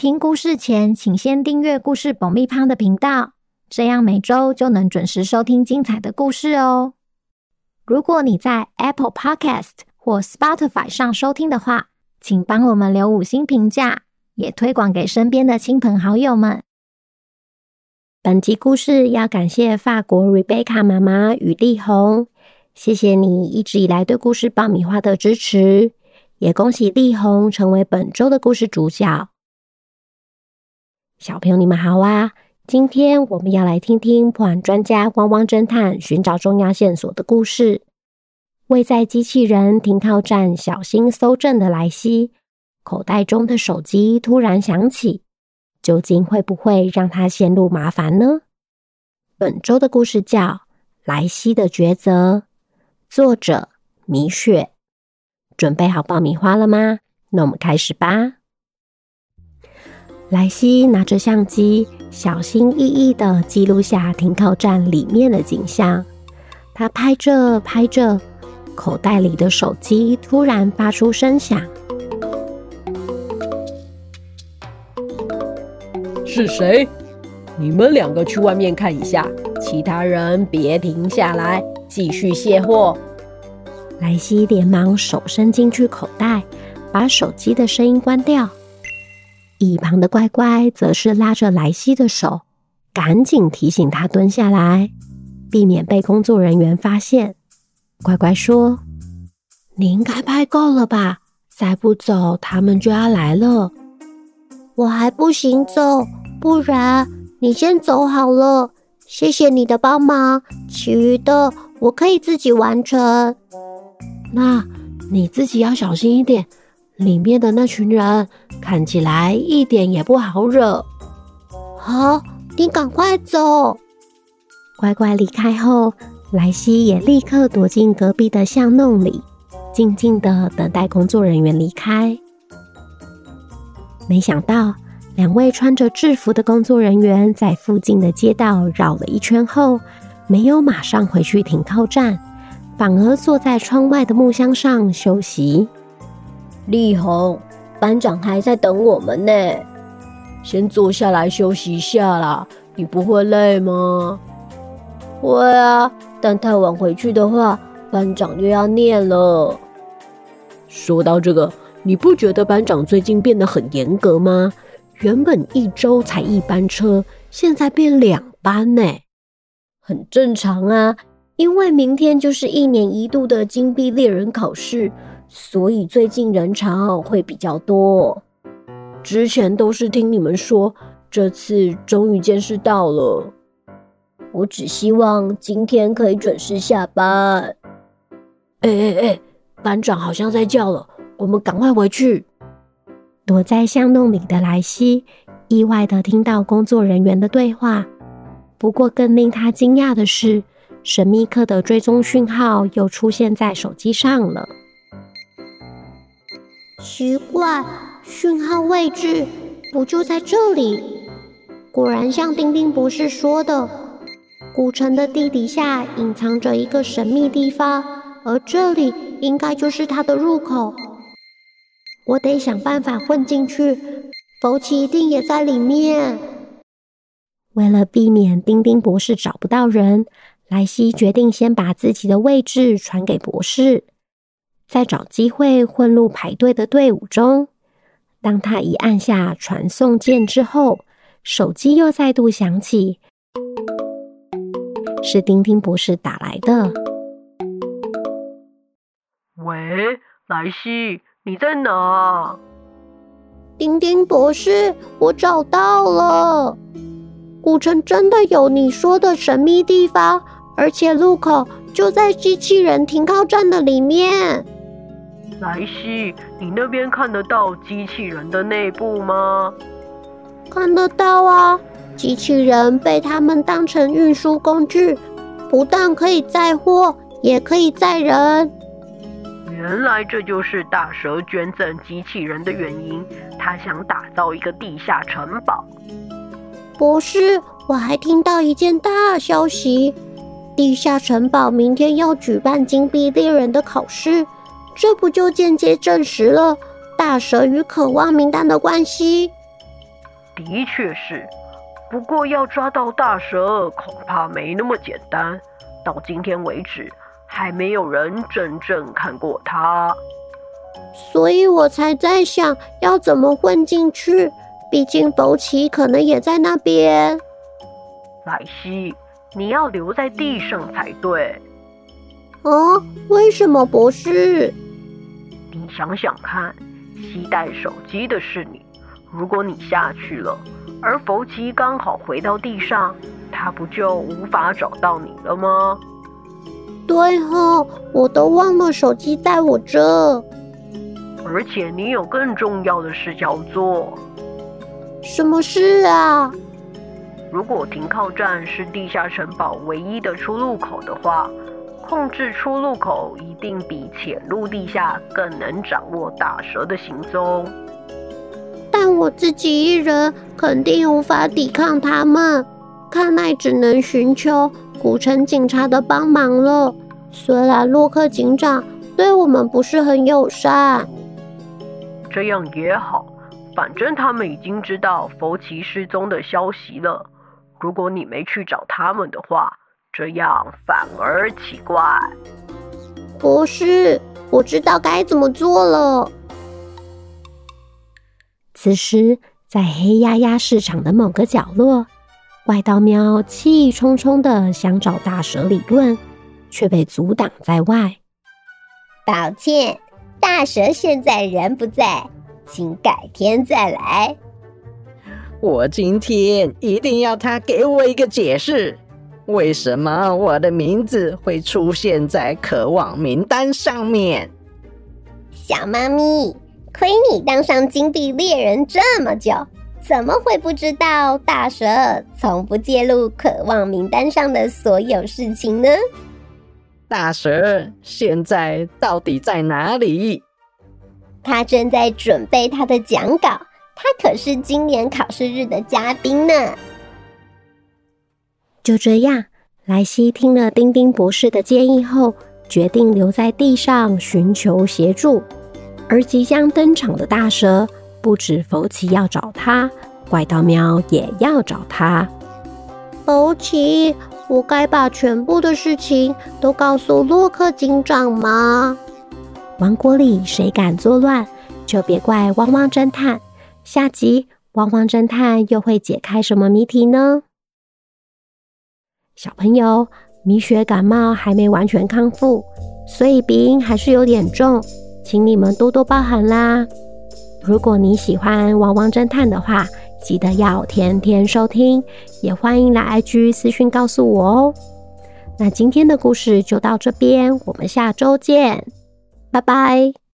聽故事前，請先訂閱“故事爆米花”的頻道，這樣每周就能準時收聽精彩的故事哦。如果你在 Apple Podcast 或 Spotify 上收聽的話，請幫我們留五星評價，也推廣給身邊的親朋好友們。本集故事要感謝法國 Rebecca 媽媽與麗紅，謝謝你一直以來對“故事爆米花”的支持，也恭喜麗紅成為本周的故事主角。小朋友，你們好啊！今天我們要來聽聽破案專家汪汪偵探尋找重要線索的故事。位在機器人停靠站，小心搜證的萊西，口袋中的手機突然響起，究竟會不會讓他陷入麻煩呢？本周的故事叫《萊西的抉擇》，作者米雪。準備好爆米花了嗎？那我們開始吧。萊西拿着相機，小心翼翼地記錄下停靠站裡面的景象。他拍着拍着，口袋裡的手機突然發出聲響。是誰？你們兩個去外面看一下，其他人別停下來，繼續卸貨。萊西連忙手伸進去口袋，把手機的聲音關掉。一旁的乖乖則是拉着萊西的手，趕緊提醒他蹲下來，避免被工作人員發現。乖乖說：“你應該拍夠了吧？再不走，他們就要來了。”我還不行走，不然你先走好了。謝謝你的幫忙，其餘的我可以自己完成。那你自己要小心一點。裡面的那群人看起來一點也不好惹。好，你趕快走。乖乖離開後，萊西也立刻躲進隔壁的巷弄裡，靜靜的等待工作人員離開。沒想到，兩位穿着制服的工作人員在附近的街道繞了一圈後，沒有馬上回去停靠站，反而坐在窗外的木箱上休息。力宏，班長還在等我們呢，先坐下來休息一下啦。你不會累嗎？會啊，但太晚回去的話，班長又要念了。說到這個，你不覺得班長最近變得很嚴格嗎？原本一周才一班車，現在變兩班呢。很正常啊，因為明天就是一年一度的金幣獵人考試。所以最近人潮會比較多。之前都是聽你們說，這次終於見識到了。我只希望今天可以準時下班。哎哎哎！班長好像在叫了，我們趕快回去。躲在巷弄裡的萊西，意外的聽到工作人員的對話。不過更令他驚訝的是，神秘客的追蹤訊號又出現在手機上了。奇怪，訊號位置不就在這裡？果然像丁丁博士說的，古城的地底下隱藏着一個神秘地方，而這裡應該就是它的入口。我得想辦法混進去，福奇一定也在裡面。為了避免丁丁博士找不到人，萊西決定先把自己的位置傳給博士。在找機會混入排隊的隊伍中。當他一按下傳送鍵之後，手機又再度響起，是丁丁博士打來的。喂，萊西，你在哪？丁丁博士，我找到了，古城真的有你說的神秘地方，而且路口就在機器人停靠站的裡面。萊西，你那邊看得到機器人的內部嗎？看得到啊，機器人被他們當成運輸工具，不但可以載貨，也可以載人。原來這就是大蛇捐贈機器人的原因，他想打造一個地下城堡。博士，我還聽到一件大消息，地下城堡明天要舉辦金幣獵人的考試。這不就間接證實了大蛇與渴望名單的關係？的確是，不過要抓到大蛇恐怕沒那麼簡單。到今天為止，還沒有人真正看過他。所以我才在想，要怎麼混進去。畢竟福起可能也在那邊。萊西，你要留在地上才對。啊？為什麼不是？你想想看，攜帶手機的是你。如果你下去了，而弗奇剛好回到地上，他不就無法找到你了嗎？對哦，我都忘了手機在我這。而且你有更重要的事要做。什麼事啊？如果停靠站是地下城堡唯一的出入口的話。控制出入口一定比潛入地下更能掌握大蛇的行蹤，但我自己一人肯定無法抵抗他們，看來只能尋求古城警察的幫忙了。雖然洛克警長對我們不是很友善，這樣也好，反正他們已經知道佛奇失蹤的消息了。如果你沒去找他們的話，這樣反而奇怪。博士，我知道該怎麼做了。此時，在黑壓壓市場的某個角落，怪盜喵氣沖沖的想找大蛇理論，卻被阻擋在外。抱歉，大蛇現在人不在，請改天再來。我今天一定要他給我一個解釋。為什麼我的名字會出現在渴望名單上面？小貓咪，虧你當上金幣獵人這麼久，怎麼會不知道大蛇從不介入渴望名單上的所有事情呢？大蛇現在到底在哪裡？他正在準備他的講稿，他可是今年考試日的嘉賓呢！就這樣，萊西聽了丁丁博士的建議後，決定留在地上尋求協助。而即將登場的大蛇，不止福奇要找他，怪盜喵也要找他。福奇，我該把全部的事情都告訴洛克警長嗎？王國裡誰敢作亂，就別怪汪汪偵探。下集汪汪偵探又會解開什麼謎題呢？小朋友，米雪感冒還沒完全康復，所以鼻音還是有點重，請你們多多包涵啦。如果你喜歡《汪汪偵探》的話，記得要天天收聽，也歡迎來 IG 私訊告訴我哦。那今天的故事就到這邊，我們下周見，拜拜。